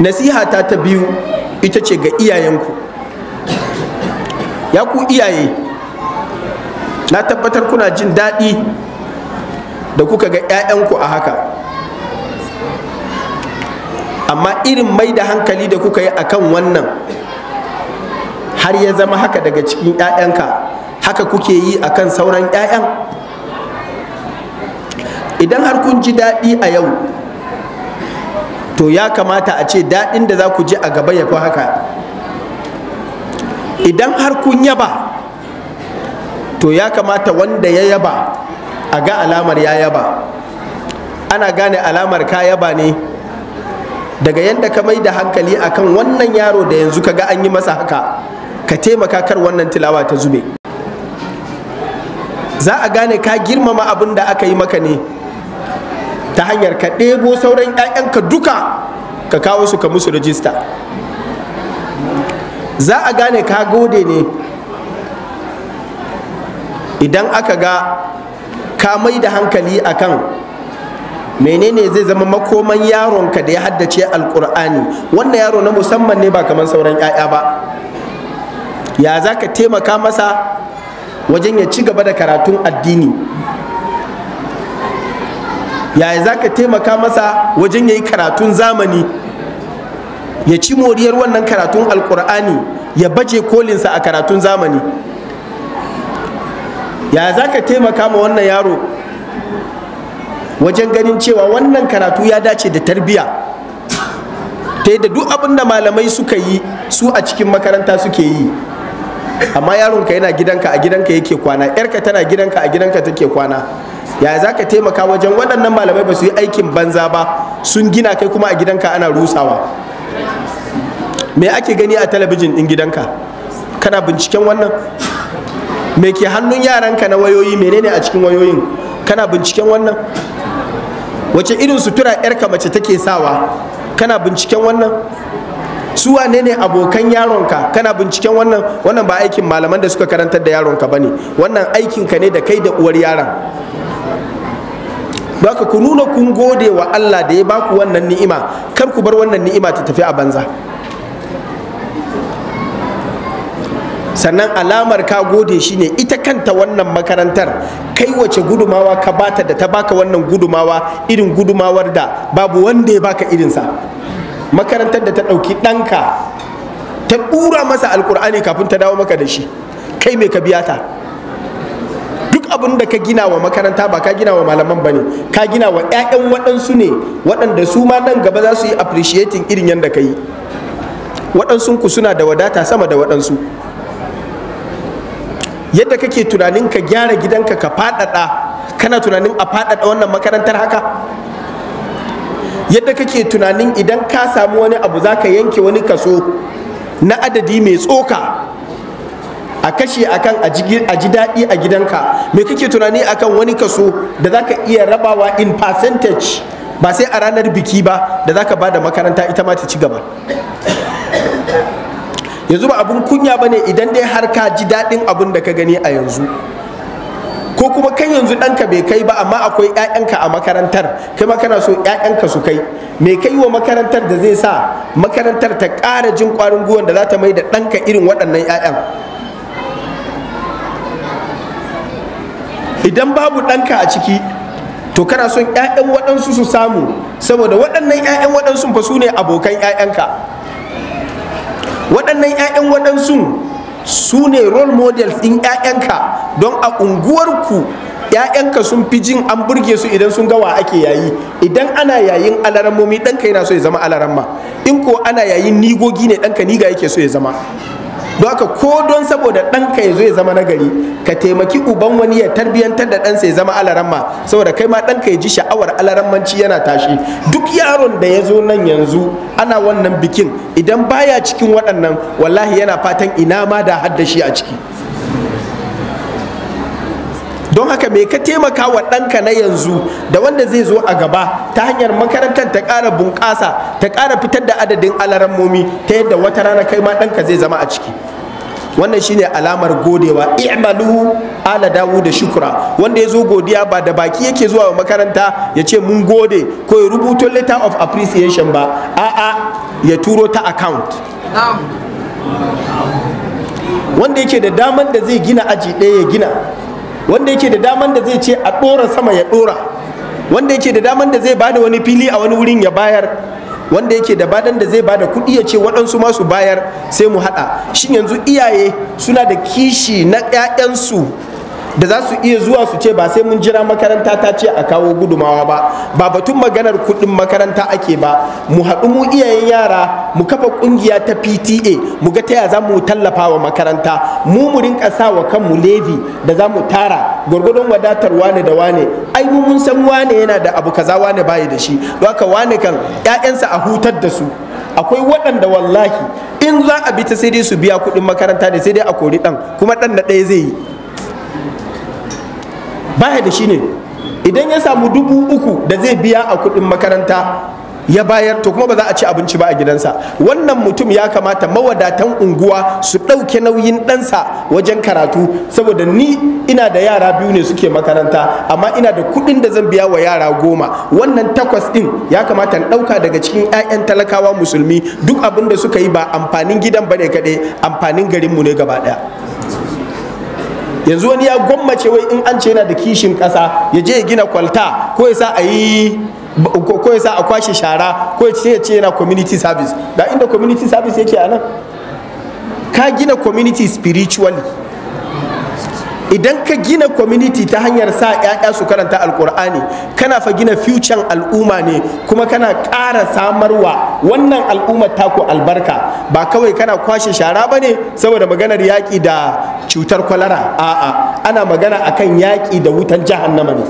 nasiha ta ta biyu ita ce ga iyayenku ya ku iyaye na tabbatar kuna jin daɗi da kuka ga 'ya'yanku a haka amma irin mai da hankali da kuka yi a kan wannan har ya zama haka daga cikin 'ya'yanka haka kuke yi a kan sauran 'ya'yan idan har kun ji daɗi a yau to ya kamata a ce daɗin da za ku ji a gaba ya fi haka idan har kun yaba to ya kamata wanda ya yaba a ga alamar ya yaba ana gane alamar ka yaba ne daga yadda ka mai da hankali akan wannan yaro da yanzu ka ga an yi masa haka ka taimaka kar wannan tilawa ta zube za a gane ka girmama abin da aka yi maka ne ta hanyar ka ɗebo sauran ka duka ka kawo su ka musu rajista za a gane ka gode ne idan aka ga ka mai da hankali akan menene zai zama makoman yaronka da ya haddace alkur'ani wannan yaro na musamman ne ba kamar sauran 'ya'ya ba ya za ka taimaka masa wajen ya ci gaba da karatun addini yaya za ka taimaka masa wajen ya yi karatun zamani ya ci moriyar wannan karatun alkur'ani ya baje kolinsa a karatun zamani yaya za ka taimaka ma wannan yaro wajen ganin cewa wannan karatu ya dace da tarbiya ta da duk abin da malamai suka yi su a cikin makaranta suke yi amma yaronka yana gidanka a gidanka yake kwana yarka tana gidanka a gidanka take kwana ya za ka taimaka wajen waɗannan malamai ba su yi aikin banza ba sun gina kai kuma a gidanka ana rusawa me ake gani a talabijin ɗin gidanka kana binciken wannan me ke hannun yaranka na wayoyi menene a cikin wayoyin kana binciken wannan wace irin sutura yarka mace take sawa kana binciken wannan su wane ne abokan yaronka kana binciken wannan wannan ba aikin malaman da suka karantar da yaronka bane wannan aikinka ne da kai da uwar yaron baka ku nuna kun gode wa Allah da ya baku wannan ni'ima kar ku bar wannan ni'ima ta tafi a banza sannan alamar ka gode shi ne ita kanta wannan makarantar kai wace gudumawa ka bata da ta baka wannan gudumawa irin gudumawar da babu wanda ya baka irinsa makarantar da ta ɗauki ɗanka ta ɗura masa alkur'ani kafin ta dawo maka da shi kai mai ka biya ta abin da ka gina wa makaranta ba ka gina wa malaman ba ne ka gina wa 'ya'yan waɗansu ne waɗanda su ma nan gaba za su yi appreciating irin yadda ka yi waɗansunku suna da wadata sama da waɗansu yadda kake tunanin ka gyara gidanka ka faɗaɗa kana tunanin a faɗaɗa wannan makarantar haka yadda kake tunanin idan ka samu wani abu za ka yanke wani kaso na adadi mai tsoka a kashe akan a ji daɗi a gidanka me kake tunani akan wani kaso da zaka iya rabawa in percentage ba sai a ranar biki ba da zaka ba da makaranta ita ma ta ci gaba yanzu ba abun kunya ba ne idan dai har ka ji daɗin abun da ka gani a yanzu ko kuma kai yanzu ɗanka bai kai ba amma akwai 'ya'yanka a makarantar kai kana so 'ya'yanka su kai mai kai wa makarantar da zai sa makarantar ta ƙara jin ƙwarin gwiwan da za ta mai da ɗanka irin waɗannan 'ya'yan idan babu ɗanka a ciki to kana son 'ya'yan waɗansu su samu saboda waɗannan 'ya'yan waɗansu fa su ne abokan 'ya'yanka waɗannan 'ya'yan waɗansu su ne role models ɗin 'ya'yanka don a unguwarku ‘ya'yanka sun fi jin an burge su idan sun gawa ake yayi idan ana yayin alarammomi ɗanka yana so ya zama alaramma in ko ana yayin nigogi ne ɗanka niga yake so ya zama don haka ko don saboda ɗanka ya zo ya zama nagari ka taimaki uban wani ya tarbiyantar da ɗansa ya zama alaramma saboda kai ma ɗanka ya ji sha'awar alarammanci yana tashi duk yaron da ya zo nan yanzu ana wannan bikin idan baya cikin waɗannan wallahi yana fatan ina ma da haddashi a ciki don haka me ka taimaka wa ɗanka na yanzu da wanda zai zo a gaba ta hanyar makarantar ta ƙara bunƙasa ta ƙara fitar da adadin momi ta yadda wata rana kai ma ɗanka zai zama a ciki wannan shine alamar godewa i'malu ala dawu da shukura wanda ya zo godiya ba da baki yake zuwa makaranta ya ce mun gode ko ya rubuto letter of appreciation ba a'a ya turo ta account wanda yake da damar da zai gina aji ɗaya ya gina wanda yake da daman da zai ce a ɗora sama ya ɗora wanda yake da daman da zai bada wani fili a wani wurin ya bayar wanda yake da badan da zai bada kuɗi ya ce waɗansu masu bayar sai mu haɗa shin yanzu iyaye suna da kishi na 'ya'yansu da za su iya zuwa su ce ba sai mun jira makaranta ta ce a kawo gudumawa ba ba batun maganar kuɗin makaranta ake ba mu haɗu mu iyayen yara mu kafa ƙungiya ta pta mu ga taya za mu tallafa wa makaranta mu mu rinka sa wa kanmu levi da za mu tara gwargwadon wadatar wane da wane ai mu mun san wane yana da abu kaza wane baya da shi don haka wane kan 'ya'yansa a hutar da su akwai waɗanda wallahi in za a bi ta sai dai su biya kuɗin makaranta ne sai dai a kori ɗan kuma ɗan na ɗaya zai yi baya da shi ne idan ya samu dubu uku da zai biya a kuɗin makaranta ya bayar to kuma ba za a ci abinci ba a gidansa wannan mutum ya kamata mawadatan unguwa su ɗauke nauyin ɗansa wajen karatu saboda ni ina da yara biyu ne suke makaranta amma ina da kuɗin da zan biya wa yara goma wannan takwas ɗin ya kamata ɗauka daga cikin 'ya'yan talakawa musulmi duk abin da suka yi ba amfanin gidan ba ne kaɗai amfanin garinmu ne gaba ɗaya yanzu wani ya gwammace wai in an ce yana da kishin ƙasa ya je ya gina kwalta ko ya sa a yi ko ya sa a kwashe shara ko ya ce ya ce yana community service da inda community service yake a nan ka gina community spiritually idan ka gina community ta hanyar sa 'ya'ya su karanta alkur'ani kana fa gina future al'umma ne kuma kana ƙara samarwa wannan al'ummar taku albarka ba kawai kana kwashe shara ba ne saboda maganar yaƙi da cutar kwalara a'a ana magana akan yaƙi da wutan jahannama ne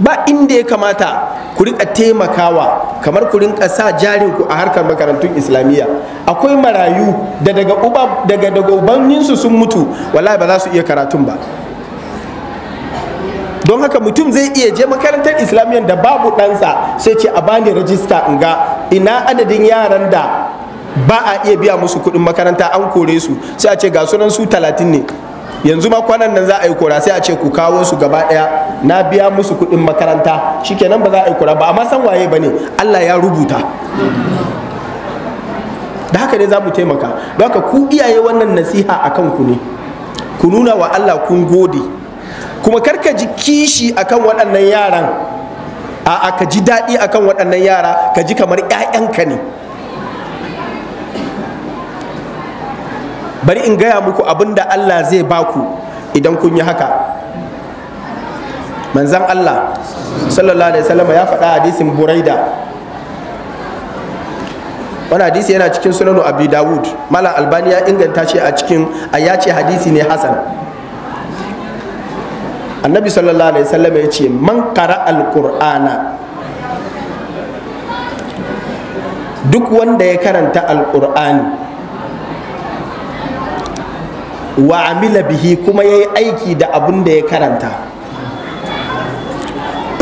ba inda ya kamata ku riƙa taimakawa kamar ku rinka sa jarinku a harkar makarantun islamiyya akwai marayu da daga uba daga daga ubanninsu sun mutu wallahi ba za su iya karatun ba don haka mutum zai iya je makarantar islamiyya da babu ɗansa sai ce a bani rajista in ga ina adadin yaran da ba a iya biya musu kuɗin makaranta an kore su sai a ce ga sunan su talatin ne yanzu ma kwanan nan za a yi kora sai a ce ku kawo su gaba daya na biya musu kuɗin makaranta shikenan ba za a yi kora ba amma san waye bane Allah ya rubuta da haka ne za mu taimaka don haka ku iyaye wannan nasiha a ku ne ku nuna wa Allah kun gode kuma karka ji kishi akan waɗannan yaran a ka ji daɗi akan waɗannan yara ka ji kamar 'ya'yanka ne bari in gaya muku abin da Allah zai baku idan kun yi haka manzan Allah sallallahu alaihi wasallam ya faɗa hadisin buraida wani hadisi yana cikin sunanu abu dawud mala albani ya inganta shi a cikin a ya ce hadisi ne hasan annabi sallallahu alaihi wasallam ya ce man kara alkur'ana duk wanda ya karanta alqur'ani wa amila bihi kuma ya yi aiki da abun da ya karanta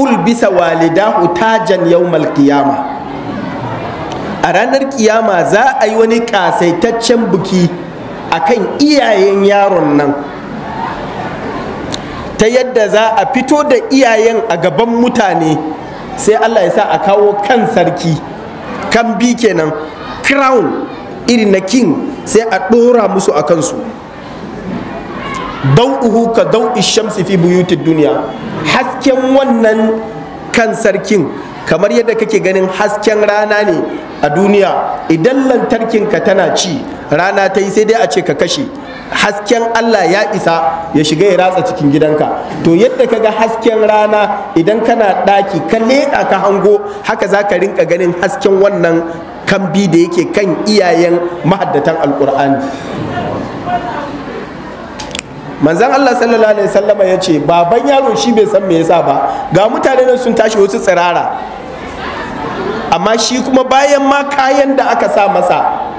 ulbisa walidahu tajan yawmal qiyama a ranar kiyama za a yi wani kasaitaccen buki kan iyayen yaron nan ta yadda za a fito da iyayen a gaban mutane sai allah ya sa a kawo kan sarki kan bi kenan crown irin na king sai a ɗora musu a kansu dau'uhu ka dau'i shamsi fi buyutid duniya hasken wannan kan sarkin kamar yadda kake ganin hasken rana ne a duniya idan lantarkin ka tana ci rana ta yi sai dai a ce ka kashe hasken Allah ya isa ya shiga ya ratsa cikin gidanka to yadda ka ga hasken rana idan kana ɗaki ka leƙa ka hango haka za ka rinka ganin hasken wannan kambi da yake kan iyayen mahaddatan alƙur'ani manzan Allah sallallahu alaihi wasallama ya ce baban yaro shi bai san me yasa ba ga mutane nan sun tashi wasu tsirara amma shi kuma bayan ma kayan da aka sa masa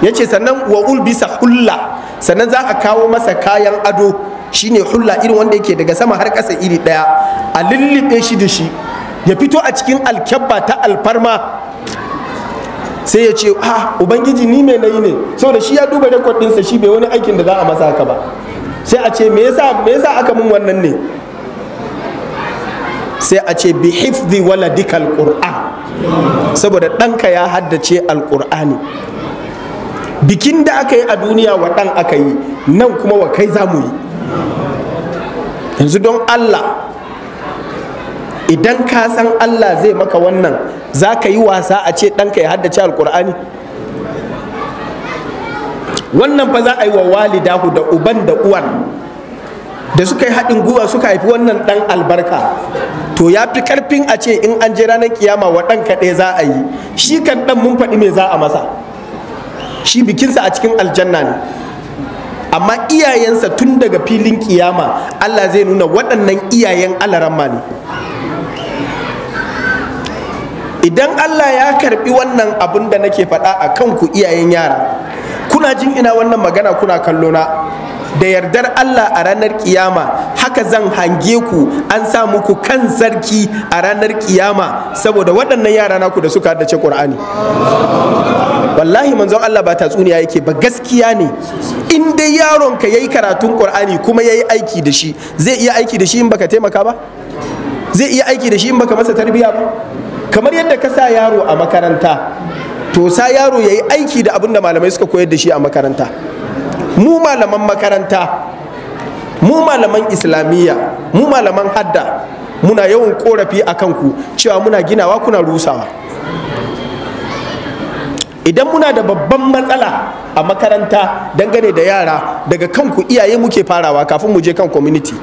ya ce sannan wa ulbisa hulla sannan za a kawo masa kayan ado shine hulla irin wanda yake daga sama har ƙasa iri ɗaya a lullube shi da shi ya fito a cikin alkyabba ta alfarma sai ya ce ha ah, ubangiji ni mai nayi ne saboda shi ya duba rekod ɗinsa shi bai wani aikin da za a masa haka ba sai a ce me yasa me yasa aka mun wannan ne sai a ce bi hifzi waladikal qur'an saboda ɗanka ya haddace alƙur'ani bikin da aka yi a duniya wa ɗan aka yi nan kuma wa kai za mu yi yanzu don allah idan ka san allah zai maka wannan za ka yi wasa a ce ɗanka ya haddace alƙur'ani wannan fa za a yi wa walidahu da uban da uwan da suka yi haɗin guwa suka haifi wannan ɗan albarka to ya fi ƙarfin a ce in an je ranar kiyama wa ɗan kaɗai za a yi shi kan ɗan mun faɗi me za a masa shi bikinsa a cikin aljanna ne amma iyayensa tun daga filin kiyama Allah zai nuna waɗannan iyayen alaramma ne idan Allah ya karɓi wannan abin da nake faɗa a kanku iyayen yara kuna jin ina wannan magana kuna kallo na da yardar Allah a ranar kiyama haka zan hange ku an sa muku kan sarki a ranar kiyama saboda waɗannan yara naku da suka haddace Qur'ani wallahi manzon Allah ba tatsuniya yake ba gaskiya ne in dai yaron ka yayi karatun Qur'ani kuma yayi aiki da shi zai iya aiki da shi in baka taimaka ba zai iya aiki da shi in baka masa tarbiyya ba kamar yadda ka sa yaro a makaranta to sa yaro ya yi aiki da abin da malamai suka koyar da shi a makaranta mu malaman makaranta mu malaman islamiyya mu malaman hadda muna yawan korafi a kanku cewa muna ginawa kuna rusawa idan muna da babban matsala a makaranta dangane da yara daga kanku iyaye muke farawa kafin mu je kan community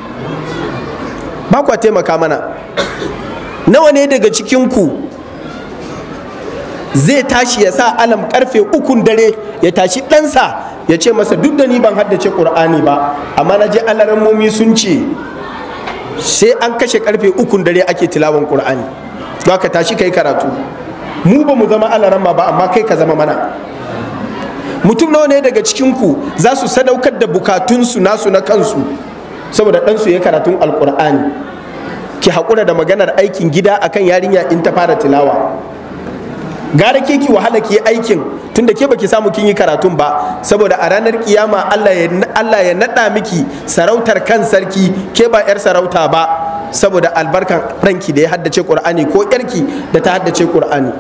ba kwa taimaka mana nawa ne daga cikinku zai tashi ya sa alam karfe ukun dare ya tashi ɗansa ya ce masa duk da ni ban haddace ƙur'ani ba amma na je momi sun ce sai an kashe karfe ukun dare ake tilawan ƙur'ani Ba ka tashi kai karatu mu ba mu zama ma ba amma kai ka zama mana mutum nawa ne daga cikinku za su sadaukar da bukatunsu nasu na kansu saboda ɗansu ya karatun alƙur'ani ki haƙura da maganar aikin gida akan yarinya in ta fara tilawa gara ke ki wahala ki aikin tunda ke baki samu kin yi karatun ba saboda a ranar kiyama Allah ya naɗa miki sarautar kan sarki ke ba 'yar sarauta ba saboda albarkan ranki da ya haddace Qur'ani ko 'yarki da ta haddace Qur'ani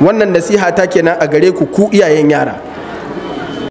wannan nasiha ta kenan a gare ku ku iyayen yara